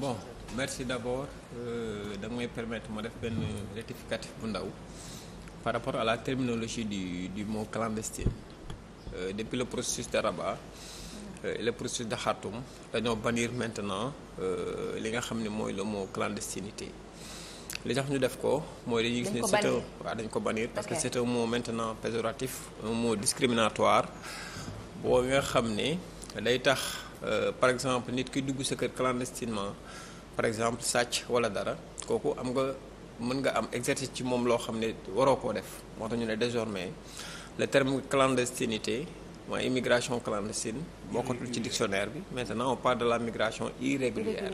bon merci d'abord euh, damay permettre ma def benn rectificatif bu ndaw par rapport à la terminologie du du mot clandestin euh, depuis le processus de Rabat euh, le processus de Khartoum dañoo bannir maintenant euh, li nga xam ne mooy le mot clandestinité li tax ñu def ko mooy dañuy gis ne c'est un waaw dañ ko bannir parce que c'est un mot maintenant péjoratif un mot discriminatoire boo nga xam ne day tax Euh, par exemple nit ki dugg sa kër clandestinement par exemple sàcc wala dara kooku am nga mën nga am exercice ci moom loo xam ne waroo ko def moo tax ñu ne désormais le terme clandestinité mooy immigration clandestine bokkatul ci dictionnaire bi maintenant on parle de la migration irrégulière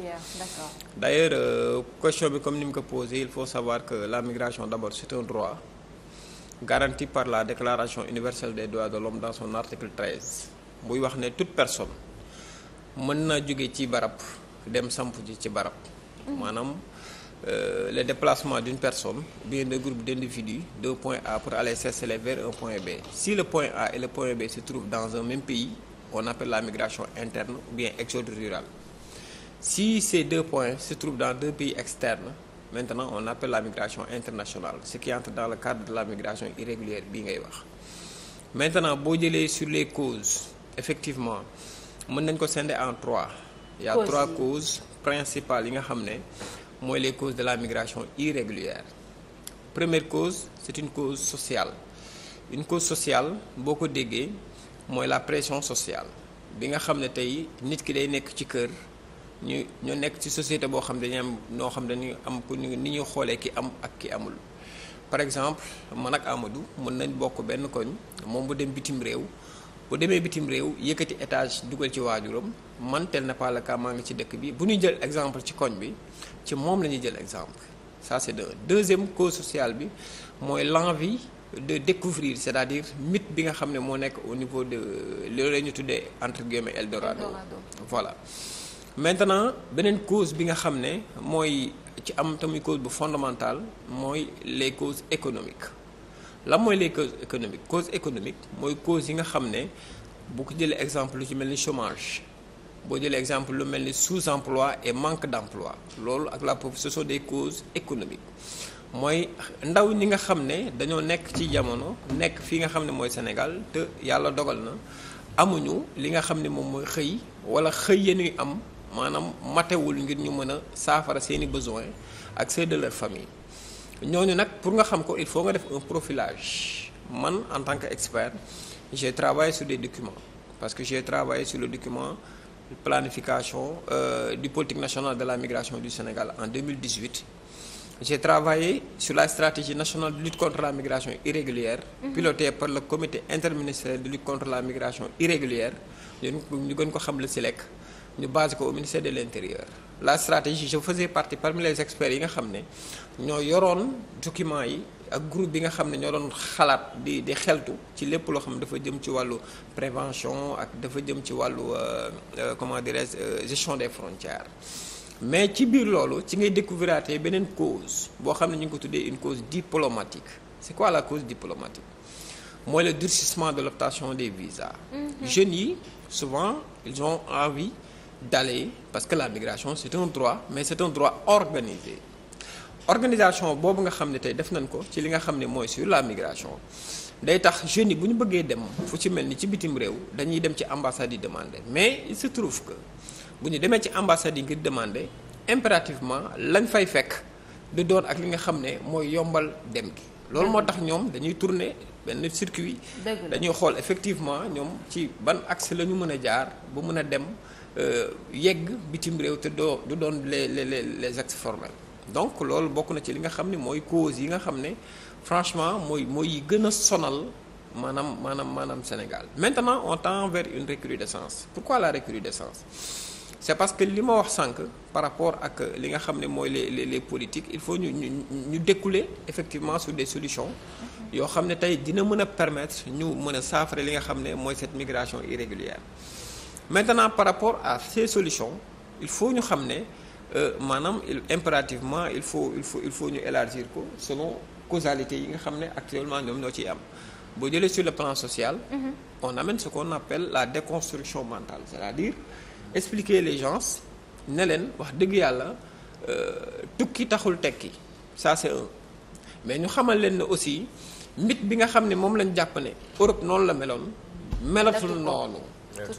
d' ailleurs euh, question bi comme ni mu ko posé il faut savoir que la migration d' abord c' est un droit garanti par la déclaration universelle des droits de l'homme dans son article 13 wax ne toute personne mën naa jóge ci barab dem samp ji ci barab mhm. maanaam Euh, le déplacement d'une personne bien d'un groupe d'individus d'un point A pour aller s'installer vers un point B. Si le point A et le point B se trouvent dans un même pays, on appelle la migration interne ou bien exode rural. Si ces deux points se trouvent dans deux pays externes, maintenant on appelle la migration internationale, ce qui entre dans le cadre de la migration irrégulière bi ngay wax. Maintenant boo jëlee sur les causes, effectivement mën nañ ko scinder en trois y a Cause. trois causes principales yi nga xam ne mooy les causes de la migration irrégulière première cause c'est une cause sociale une cause sociale boo ko déggee mooy la pression sociale bi nga xam ne tey nit ki day nekk ci kër ñu ñu nekk ci société boo xam dañuy am noo xam dañuy am ku ni ñuy xoolee ki am ak ki amul par exemple man ak Amadou mën nañ bokk benn koñ moom bu dem bitim réew bu demee bitim réew yëkkati étage dugal ci waajuram man tel na pas le cas maa ngi ci dëkk bi bu ñuy jël exemple ci koñ bi ci moom la ñuy jël exemple ça c'est deux deuxième cause sociale bi mooy l'envie de découvrir c'est-à-dire mythe bi nga xam ne moo nekk au niveau de loolu la ñu tuddee entre guillemets Eldorado voilà maintenant beneen cause bi nga xam ne mooy ci am tamuy cause bu fondamentale mooy les causes économiques lan mooy les causes économiques cause économique mooy cause yi nga xam ne boo ko jëlee exemple lu ci mel ni chômage boo jëlee exemple lu mel ni sous-emploi et manque d'emploi loolu ak la pauvreté ce sont des causes économiques mooy ndaw ñi nga xam ne dañoo nekk ci jamono nekk fii nga xam ne mooy Sénégal te yàlla dogal na amuñu li nga xam ne moom mooy xëy wala xëy yenuy am maanaam matewul ngir ñu mën a saafara seeni besoins ak ceux de leur famille ñooñu nag pour nga xam ko il faut nga def un profilage man en tant que expert j'ai travaillé sur des documents parce que j'ai travaillé sur le document de planification euh, du politique nationale de la migration du Sénégal en 2018 j'ai travaillé sur la stratégie nationale de lutte contre la migration irrégulière mhm. pilotée par le comité interministériel de lutte contre la migration irrégulière ñu gën ko xam la si lekk ñu basé ko au ministère de l'intérieur la stratégie je faisais partie parmi les experts yi nga xam ne ñoo yoroon document yi ak groupe bi nga xam ne ñoo doon xalaat di di xeltu ci lépp loo xam ne dafa jëm ci wàllu prévention ak dafa jëm ci wàllu euh, euh, comment dirais-je euh, gestion des frontières mais ci biir loolu ci ngay découvrirate beneen cause boo xam ne ñu ngi ko tuddee une cause diplomatique c'est quoi la cause diplomatique mooy le durcissement de l'obtention des visas mm-hmm. jeunes yi souvent ils ont d'aller parce que la migration c'est un droit mais c'est un droit organisé organisation boobu nga xam ne tey def nañ ko ci li nga xam ne mooy sur la migration day tax jeunes yi bu ñu bëggee dem fu ci mel ni ci bitim réew dañuy dem ci ambassade yi demander mais il se trouve que bu ñu demee ci ambassade yi ngir demander impérativement lañ fay fekk du doon ak li nga xam ne mooy yombal dem gi loolu moo tax ñoom dañuy tourner benn circuit dañuy xool effectivement ñoom ci ban accès la ñu mën a jaar ba mën a dem Euh, yegg bitim réew te doo du doon les les les actes formels donc loolu bokk na ci li nga xam ne mooy cause yi nga xam ne franchement mooy mooy yi gën a sonal maanaam maanaam maanaam Sénégal maintenant on temps vers une recrudescence pourquoi la recrudescence c'est parce que li ma wax sànq par rapport ak li nga xam ne mooy les les les politiques il faut ñu ñu ñu découler effectivement sur des solutions yoo xam ne tey dina mën a permettre ñu mën a saafara li nga xam ne mooy cette migration irrégulière maintenant par rapport à ces solutions il faut ñu xam ne euh, maanaam impérativement il faut il faut il faut ñu élargir ko selon causalité yi nga xam ne actuellement ñoom ñoo ciy am boo jëlee sur le plan social mhm. on amène ce qu'on appelle la déconstruction mentale c'est-à-dire expliquer les gens ne leen wax dëgg yàlla euh, tukki taxul tekki ça c'est un mais ñu xamal leen ne aussi mythe bi nga xam ne moom lañ jàpp ne Europe noonu la meloon melatul noonu tout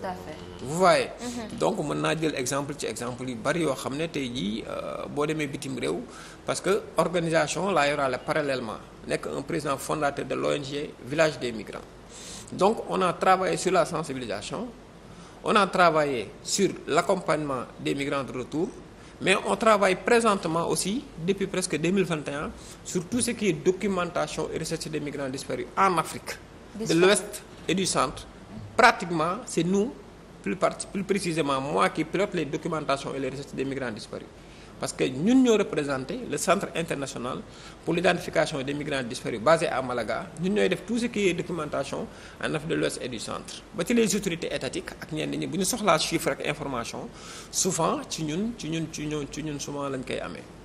vous voyez. Mhm. donc mën naa jël exemple ci exemple yu bari yoo xam ne tey jii euh, boo demee bitim réew parce que organisation laa yoraale parallèlement nekk un président fondateur de l'ONG Village des Migrants. donc on a travaillé sur la sensibilisation on a travaillé sur l'accompagnement des migrants de retour mais on travaille présentement aussi depuis presque 2021 sur tout ce qui est documentation et recherche des migrants disparus en Afrique de l'ouest et du centre pratiquement c'est nous plus part plus précisément moi qui pilote les documentations et les recherches des migrants disparus parce que ñun ñoo représenté le centre international pour l'identification des migrants disparus basé à Malaga ñun ñooy def tout ce qui est documentation de l'Ouest et du centre ba ci les autorités étatiques ak ñenn ñi bu ñu soxlaa chiffre ak information souvent ci ñun ci ñun ci ñun ci ñun souvent lañ koy amee